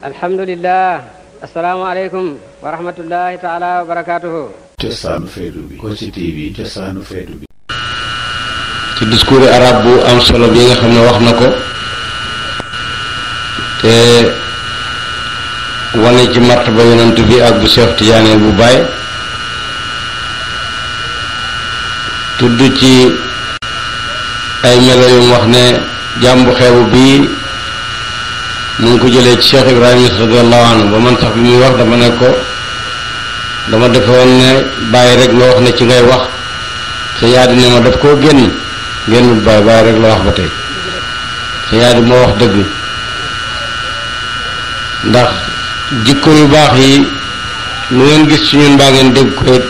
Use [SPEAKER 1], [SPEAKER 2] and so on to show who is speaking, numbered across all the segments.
[SPEAKER 1] alhamdulillah asalaamaaleykum wa rahmatullahi taala wa ci discours arab bu am solo bi nga xam ne wax na ko te wane ci martaba yonent bi ak bu Cheikh Tidiane bu Baye tudd ci ay melo yu wax ne jàmbu xeebu bii mu ngi ko jëlee ci Cheikh Ibrahima radiyallahu anhu ba man sax bi muy wax dama ne ko dama defoon ne bàyyi rek nga wax ne ci ngay wax sa yaadi ne ma daf koo génn génnul bàyyi bàyyi rek la wax ba tey sa yaadi moo wax dëgg ndax jikko yu baax yi lu ngeen gis ci ñun baa ngeen dégg ko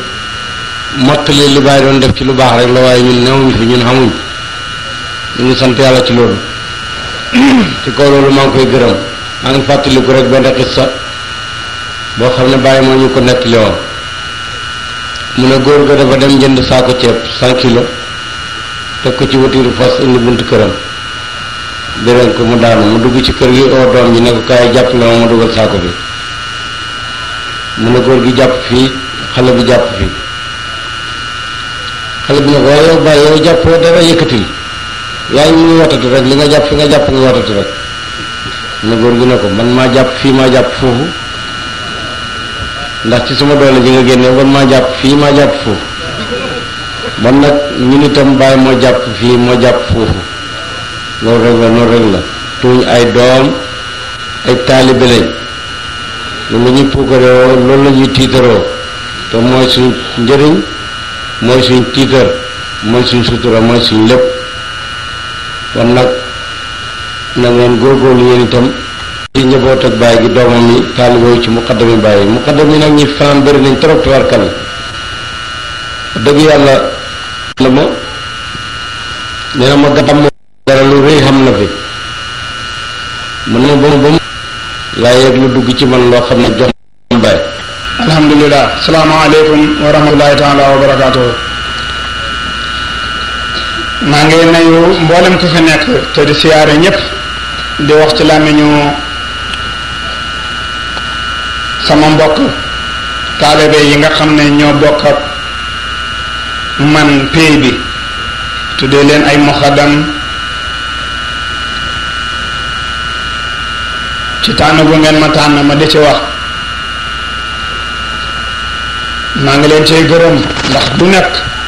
[SPEAKER 1] mottali li bàyyi doon def ci lu baax rek la waaye ñun newuñ fi ñun xamuñ ñu ngi sant yàlla ci loolu ci kaw loolu maa ngi koy gërëm maa ngi fàttaliku rek benn xissa boo xam ne bàyyi moo ñu ko nettali woon mu ne góor ga dafa dem jënd saako ceeb 100 kilo teg ko ci watiiru fas indi buntu këram béréb ko mu daanu mu dugg ci kër gi oo doom ji ne ko kaay jàppale ma ma dugal saako bi mu ne góor gi jàpp fii xale bi jàpp fii xale bi ne ko waaye yow bàyyi yow jàppoo dara yëkkatil yaa ngi watati rek li nga jàpp fi nga jàpp nga watati rek ne góor gi ne ko man maa jàpp fii maa jàpp foofu ndax ci sama doole ji nga génnee kon maa jàpp fii maa jàpp foofu man nag ñun itam bàyyi moo jàpp fii moo jàpp foofu loolu rek la loolu rek la tuuñ ay doom ay taalibe lañ loolu la ñuy puukarewoo loolu ñuy tiitaroo te mooy suñ njëriñ mooy suñ tiitar mooy suñ sutura mooy suñ lépp kon nag na ngeen góorgóorlu yéen itam ci njaboot ak baay gi doomam yi taalibe ci muqaddami baay yi muqaddami nag ñi fanaan bëri nañ trop tubarkal dëgg yàlla la ma nee na dara lu rëy xam na fi mën na ba mu ba laa yëg lu dugg ci man loo xam ne jox baay alhamdulilah salaamaaleykum wa
[SPEAKER 2] rahmatulahi taala wa barakaatuhu maa ngi nuyu mboolem ku fi nekk te di siyaare ñëpp di wax ci làmmiñu sama mbokk taalibe yi nga xam ne ñoo bokk ak man pay bi tuddee leen ay muxaddam ci tànn bu ngeen ma tànn ma di ci wax maa ngi leen ciy gërëm ndax du nekk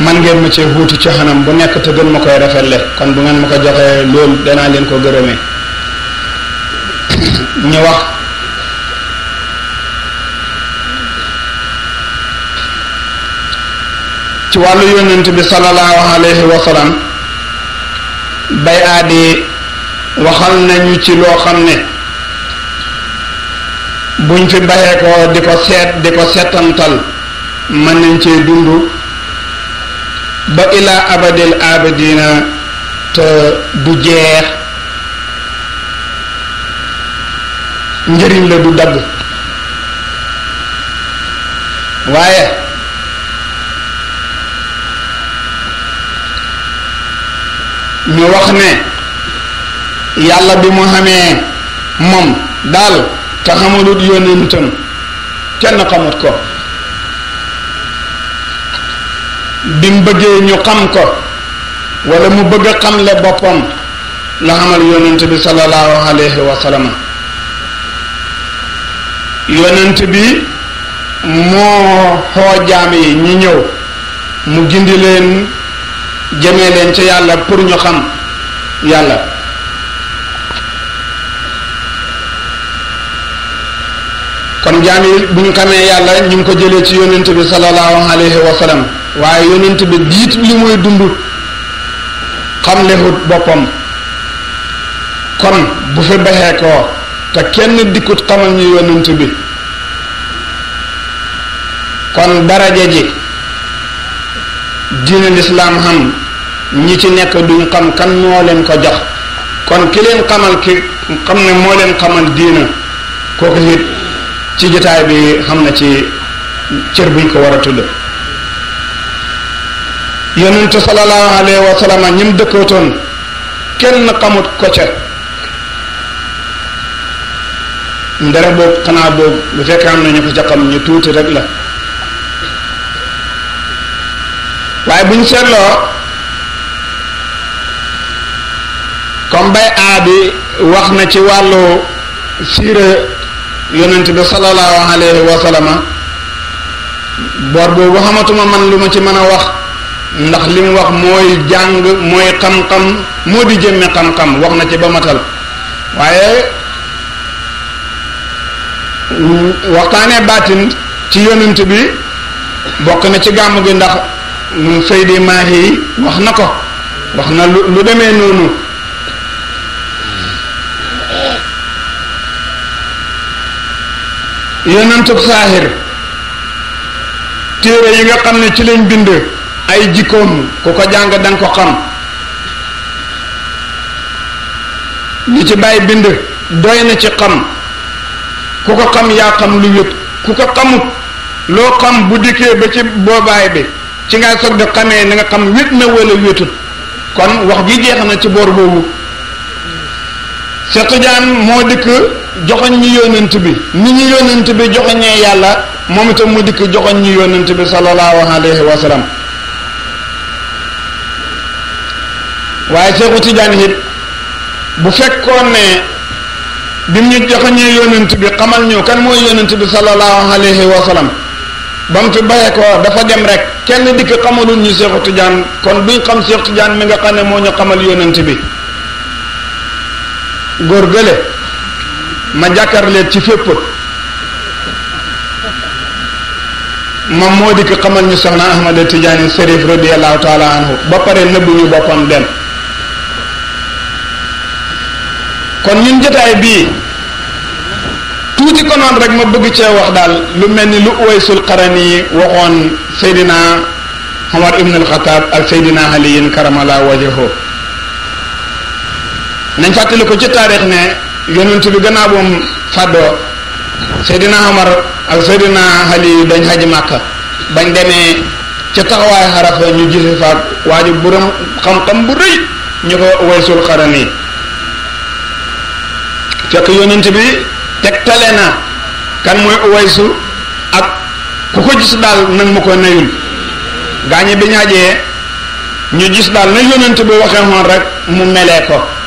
[SPEAKER 2] man ngeen ma cee wuutu ci xanam bu nekk te gën ma koy rafetle kon bu ngeen ma ko joxee loolu danaa leen ko gërëmee ñu wax ci wàllu yonent bi sallallahu alayhi wa bay aadi waxal nañu ci loo xam ne buñ fi bayee ko di ko seet di ko seetantal mën nañ cee dund ba ilaa abadil abadina te du jeex njëriñ la du dagg waaye ñu wax ne yàlla bi mu xamee moom daal te xamalut yónnentam kenn xamut ko bi mu bëggee ñu xam ko wala mu bëgg a xamle boppam la xamal yonent bi sallallahu alayhi wa yonent bi moo xoo yi ñu ñëw mu gindi leen jëmee leen ca yàlla pour ñu xam yàlla kon jaam yi bu ñu xamee yàlla ñu ngi ko jëlee ci yonent bi sallallahu alayhi wa waaye yonent bi diit li muy dund xam lehut boppam kon bu fi baxee koo te kenn dikkut xamal ñu yonent bi kon daraja ji diine lislaam xam ñi ci nekk duñ xam kan moo leen ko jox kon ki leen xamal ki xam ne moo leen xamal diina kooku it ci jotaay bi xam na ci cër buñ ko war a tudd yonentu sallallahu alayhi wa sallam ñim dëkkootoon kenn xamut ko ca ndere boobu xanaa boobu bu fekkee am na ñu ko ca xam ñu tuuti rek la waaye buñ seetloo comme bay aabi wax na ci wàllu siire yonent bi sallallahu alayhi wa sallama bor boobu xamatuma man lu ma ci mën a wax ndax li wax mooy jàng mooy xam-xam moo di jëmme xam-xam wax na ci ba matal waaye waxtaanee baatin ci yonent bi bokk na ci gàmm gi ndax Seydi Maahi wax na ko wax na lu lu demee noonu yonentub saahir téere yi nga xam ne ci lañ bind ay jikkoom ku ko jàng danga ko xam li ci bàyyi bind doy na ci xam ku ko xam yaa xam lu wét ku ko xamut loo xam bu dikkee ba ci boobaay bi ci nga soog di xamee na nga xam wét na wala wétut kon wax ji jeex na ci boor boobu Cheikh Tidiane moo dikk joxoñ ñi yonent bi ni ñu yonent bi joxoñee yàlla moom itam mu dikk joxoñ ñi yonent bi sallallahu alayhi wa sallam waaye Cheikh Tidiane it bu fekkoon ne bi mu ñu joxoñee yonent bi xamal ñu kan mooy yonent bi sallallahu alayhi wa sallam ba mu fi bayee ko dafa dem rek kenn dikk xamalul ñu Cheikh Tidiane kon duñ xam Cheikh Tidiane mi nga xam ne moo ñu xamal yonent bi góor gële ma jàkkaarleet ci fépp moom moo di ko xamal ñu soxna Ahmada Tijaani Sharif radiyallahu taala anhu ba pare nëbbu ñu boppam dem kon ñun jotaay bii tuuti ko rek ma bëgg cee wax daal lu mel ni lu Uwaysul Qarani waxoon Seydina Omar ibn al-Khattab ak Seydina Aliyin nañ fàttali ci taarix ne yonent bi gannaaw fàddoo Seydina Omar ak Seydina Ali dañ xaji Màkka bañ demee ca taxawaay xarafa ñu gise faak waaju buram xam-xam bu rëy ñu ko waysul xaram yi fekk yonent bi tegtale na kan mooy uwaysu ak ku ko gis daal nag ma ko nayul gaañe bi ñaajee ñu gis daal na yonent bi waxee woon rek mu melee ko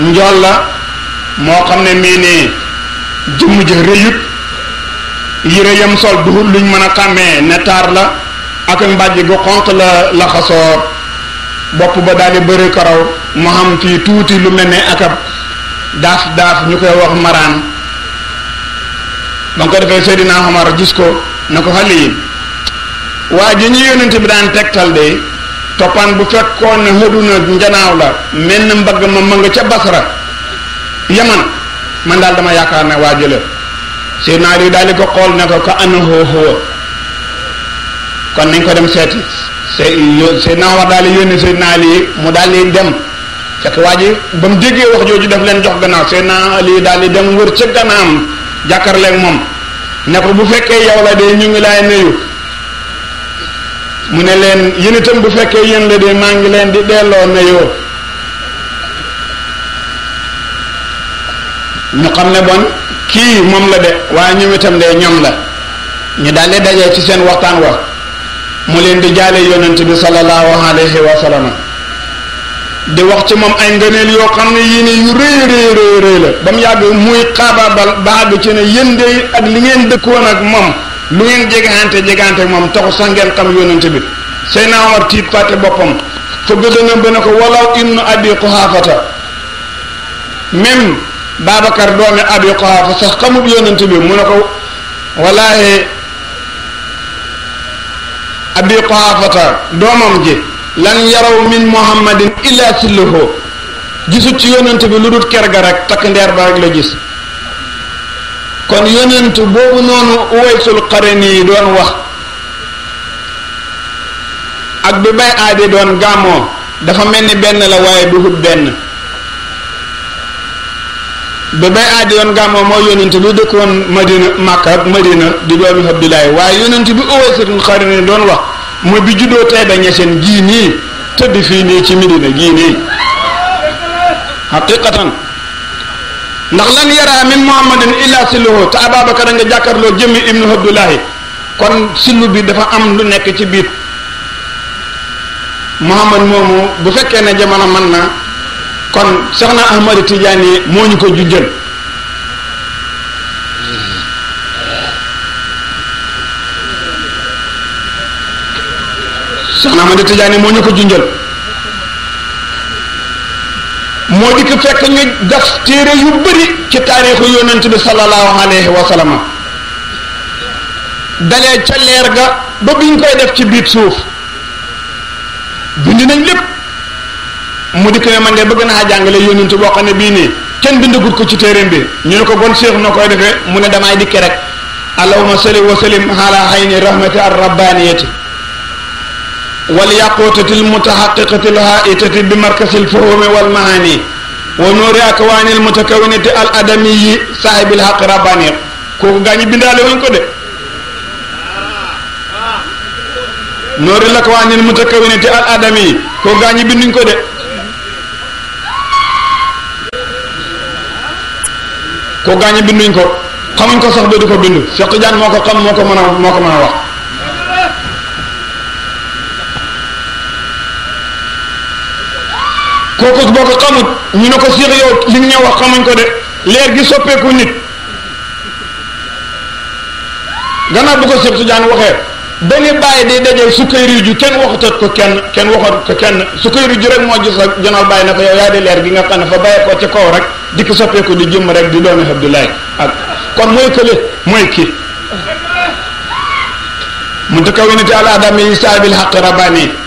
[SPEAKER 2] njool la moo xam ne mii nii jëmm ja rëyut yëre yam sol duhut luñ mën a xàmmee ne taar la ak mbàjj gu xonq la la xasoor bopp ba daal di bëri karaw mu xam fii tuuti lu mel ne akab daaf daaf ñu koy wax maraan ba nga ko defee Seydina Omar gis ko na ko xale yi waa ji ñu yonent bi daan tegtal de toppaan bu fekkoon ne xëduna njanaaw la mel na mbagg ma ma nga ca basra yaman man daal dama yaakaar na waa jëla Seydina Ali daal di ko xool ne ko ka annahu ko dem seeti Seydina Omar daal di mu daal di dem fekk waa ba mu déggee wax jooju daf leen jox gannaaw Seydina Ali daal di dem wër ca gannaam jàkkaarleeg moom ne ko bu fekkee yow la de ñu ngi laay nuyu mu ne leen yéen itam bu fekkee yéen la de maa ngi leen di delloo nuyoo ñu xam ne bon kii moom la de waaye ñoom tam de ñoom la ñu daldi dajee ci seen waxtaan wa mu leen di jaale yonent bi sallallahu alayhi wa di wax ci moom ay ngëneel yoo xam ne yii ne yu rëy rëy rëy rëy la ba mu yàgg muy xaabaabal ba àgg ci ne yéen ak li ngeen dëkkoon ak moom lu ngeen jegaante jegaante moom taxu sax ngeen xam yónnante bi Seydina Omar tiit fàtte boppam fa gëddënam ba ne ko walaw ibnu abi quhaafata même Babacar doomi abi quhaafa sax xamul yónnante bi mu ne ko walaaye abi quhaafata doomam ji lan yaraw min muhammadin illa sillahu gisut ci yónnante bi lu dul ker ga rek takk ndeer ba rek la gis kon yonent boobu noonu uwaysul qarni yi doon wax ak bi bay aadi doon gàmmoo dafa mel ni benn la waaye du hut benn bi bay aadi doon gàmmoo mooy yonent bi dëkkoon madina màkka ak madina di doomi abdulaay waaye yonent bi uwaysul qarni yi doon wax mooy bi juddoo tey ba ñeseen gii nii tëdd fii nii ci midina gii nii xaqiqatan
[SPEAKER 1] ndax lan yaraa min muhammadin illa
[SPEAKER 2] silluhu te Ababacar a nga jàkkaarloo jëmmi ibnu Abdullahi kon sillu bi dafa am lu nekk ci biir muhammad moomu bu fekkee ne jamono man na kon soxna Ahmadu Tidiane moo ñu ko jujjal soxna Ahmadu Tidiane moo ko junjal moo dikk fekk ñu def téere yu bëri ci taarixu yonent bi sallallahu alayhi wa sallam dalee ca leer ga ba biñ koy def ci biit suuf bind nañ lépp mu dikk ne man de bëgg naa jàngale yonent boo xam ne bii nii kenn bindagut ko ci téereem bi ñu ne ko gon séex noo koy defee mu ne damay dikke rek allahumma salli wa sallim hayni rahmati ar rabbaniyati wal yaquutati l mutahaqiqati l haitati bi markasi l wal mahani wa nuuri akwaani l mutakawinati al adamiyi saahibil haq rabbani kooku gaa ñi bindaale wuñ ko de nuuri l akwaani l kooku gaa binduñ ko de kooku gaa binduñ ko xamuñ ko sax ba du ko bind Cheikh moo ko xam moo ko mën a moo ko mën a wax. kooku boo ko xamut ñu ne ko Cheikh yow li nga wax xamuñ ko de leer gi soppeeku nit gannaaw bu ko Cheikh Tidiane waxee ba ñu bàyyi di dajee sukkayri ju kenn waxutat ko kenn kenn waxat ko kenn sukkayri ju rek moo gis ak janal bàyyi na ko yow yaa di leer gi nga xam ne fa bàyyi ko ca kaw rek di ko soppeeku di jëmm rek di doomi Abdoulaye ak kon mooy kële mooy kii mu dëkka winati al adami saabil xaqi rabani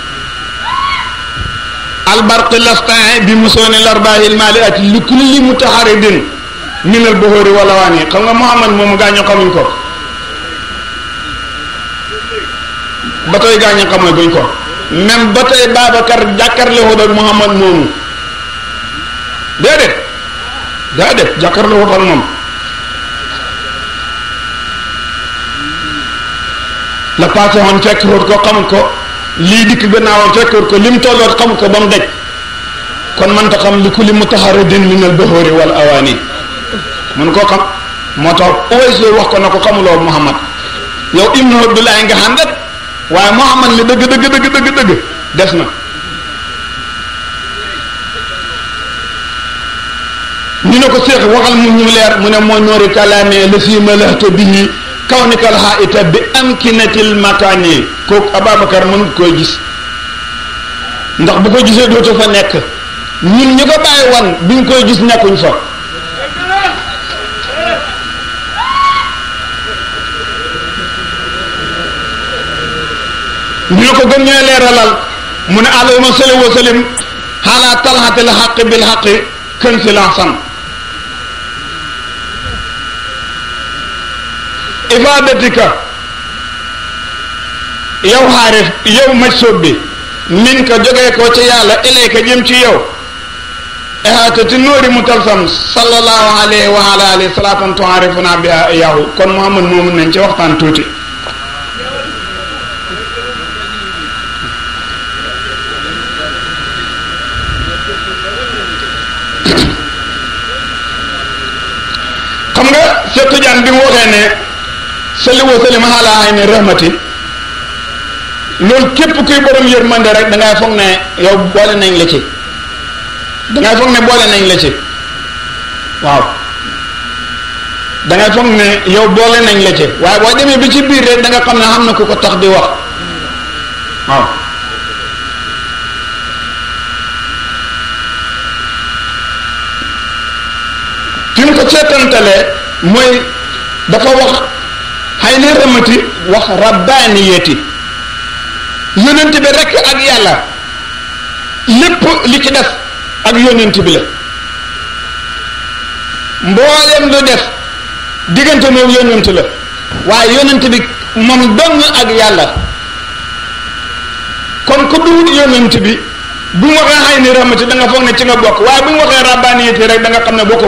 [SPEAKER 2] albarqi lastain bi musooni larbaahil maali at li kulli mutaharidin minal boxóori wala waan yi xam nga Muhammad moomu gaañu xamuñ ko ba tey gaañu xamuñ buñ ko même ba tey Babacar jàkkarlewut ak Muhammad moomu déedéet déedéet jàkkarlewut ak moom la paase woon fekk ko xamut ko lii dikk gannaawam fekkoon ko lim tolloot xam ko ba mu kon mënta xam li kulli mutaharridin minal bahori wal awaani mun koo xam moo tax Uways wax ko na ko xamuloo Muhammad yow ibnu Abdullahi nga xam rek waaye Muhammad li dëgg dëgg dëgg dëgg dëgg des na ñu ne ko seex waxal mu ñu leer mu ne moo ñoori kalaamee la sii ma laxta kawnikal haita bi amkinatil makani kooku Ababacar mënut koy gis ndax bu ko gisee dootu fa nekk ñun ñu ko bàyyi woon biñ koy gis nekkuñ fa ñu ne ko gën ñooy leeralal mu ne allahumma salli wa sallim ala talhatil haqq bil haqq kansil ahsan ibadatika yow xaarif yow maj sóob min ka jógee ko ca yàlla ilayka jëm ci yow ehaatati nóori mu talsam sallallahu alayhi wa ala alihi salaatan tuarifuna bi yahu kon Muhammad moomu nañ waxtaan tuuti xam nga Seex Tijaan bi mu waxee salli wa sallim ala ayni rahmati loolu képp kuy borom yërmande rek da ngay foog ne yow boole nañ la ci da foog ne boole nañ la ci waaw da foog ne yow boole nañ la ci waaye boo demee bi ci biir rek da nga xam ne xam na ko ko tax di wax waaw fi mu ko seetantalee mooy dafa wax. waaye li rëmmati wax rabbaaniyati yonent bi rekk ak yàlla lépp li ci def ak yonent bi la mboolem lu des diggante moom yonent la waaye yonent bi moom dong ak yàlla kon ku duwut yonent bi bu mu waxee ay ni rahmati da nga foog ne ci nga bokk waaye bu mu waxee rabbaaniyati rek da nga xam ne bokk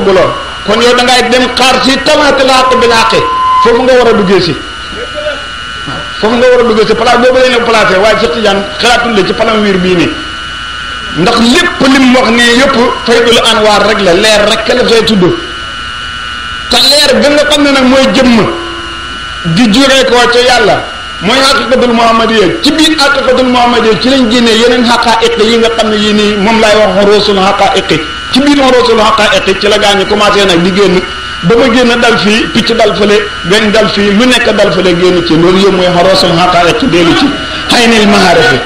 [SPEAKER 2] kon yow da ngay dem xaar si tamaatul xaq bil xaqi foofu nga war a duggee si waaw foofu nga war a duggee si place boobu lañ la placé waaye Cheikh Tidiane xalaatul la ci palanwiir bii nii ndax lépp mu wax nii yëpp faydul anwaar rek la leer rek la fay tudd te leer bi nga xam ne nag mooy jëmm di juree koo ca yàlla mooy xaqiqatul muhammadiya ci biir xaqiqatul muhammadiya ci lañ génnee yeneen xaqaa'iq yi nga xam ne yii nii moom laay wax xuruusul xaqaa'iq ci biir xuruusul xaqaa'iq ci la gaañu commencé nag di génn dama génn dal fii picc dal fële gañ dal fii lu nekk dal fële génn ci loolu yëpp mooy xaroosul xaqaare ci dellu ci xaynil mahaarifi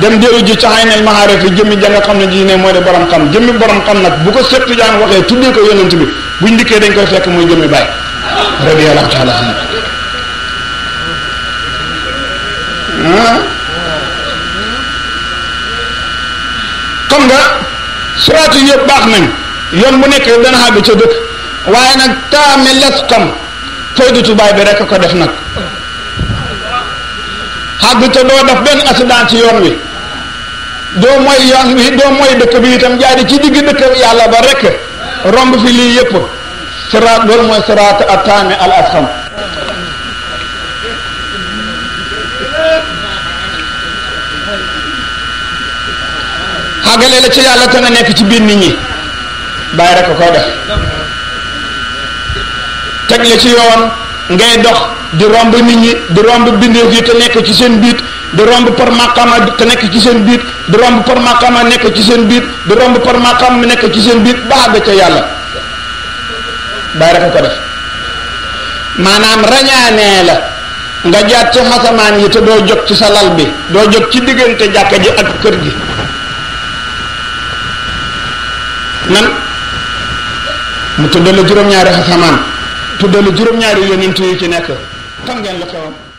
[SPEAKER 2] dem dellu ji ci xaynil mahaarifi jëmmi ja xam ne ji ne mooy de borom xam jëmmi borom xam nag bu ko settu jaan waxee tuddee ko yonent bi buñ dikkee dañ koy fekk muy jëmmi bàyyi radiyallahu taala anhu xam nga suraat yëpp baax nañ yoon bu nekkee dana xàgg ca dëkk waaye nag taame les tam faydatu baay bi rek ko def nag xàgg ca doo def benn accident ci yoon wi doo mooy yoon wi doo mooy dëkk bi itam jaari ci digg dëkk yàlla ba rek romb fi lii yëpp siraat loolu mooy siraat a taame al asxam xàggale la ci yàlla te nga nekk ci biir nit ñi bàyyi rek ko koy def teg la ci yoon ngay dox di romb nit ñi di romb bindeef yi te nekk ci seen biit di romb par maqama te nekk ci seen biit di romb par maqama nekk ci seen biit di romb par maqama nekk ci seen biit ba àgg yàlla bàyyi rek ko def maanaam rañaanee la nga jaat ci xasamaan yi te doo jóg ci sa lal bi doo jóg ci diggante jàkka ji ak kër gi nan mu tuddal la juróom-ñaari asamaan tuddal la juróom-ñaari intu yi ci nekk xam ngeen la
[SPEAKER 1] xewam